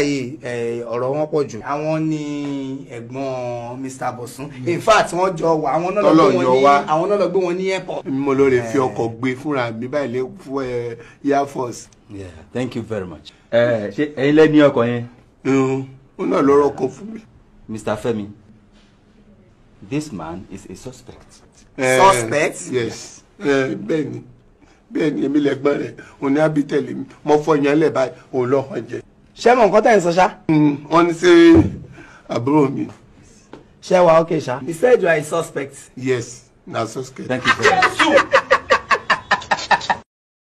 làákàyè ọ̀rọ̀ wọn pọ̀ jù. àwọn ni ẹ̀gbọ́n Mr. Bosun hmm. in fact wọ́n jọ wà àwọn náà lọ gbé wọn ní àwọn náà lọ gbé wọn ní airport. mo ló lè fi ọkọ̀ gbé fúnra mi báyìí lè fún air force. thank you very much. ẹ ṣe ẹ̀yin lẹ ní ọkọ̀ yẹn. ó náà lọ́rọ̀ kan fún mi. Mr. Femi this man is a suspect. suspect. yes bẹ́ẹ̀ni bẹ́ẹ̀ni èmi lẹ̀gbọ́n rẹ̀ òun ni àbí tẹ̀lé mi mo fọ ìyẹn lẹ báyìí òun lọ hàn jẹ ṣé mọ̀ nǹkan tẹ̀ ń sọ ṣá. Hmm, wọ́n ní sí àbúrò mi. ṣé wàá okay ṣá. he said you are a suspect. yes na suspect. thank you very much.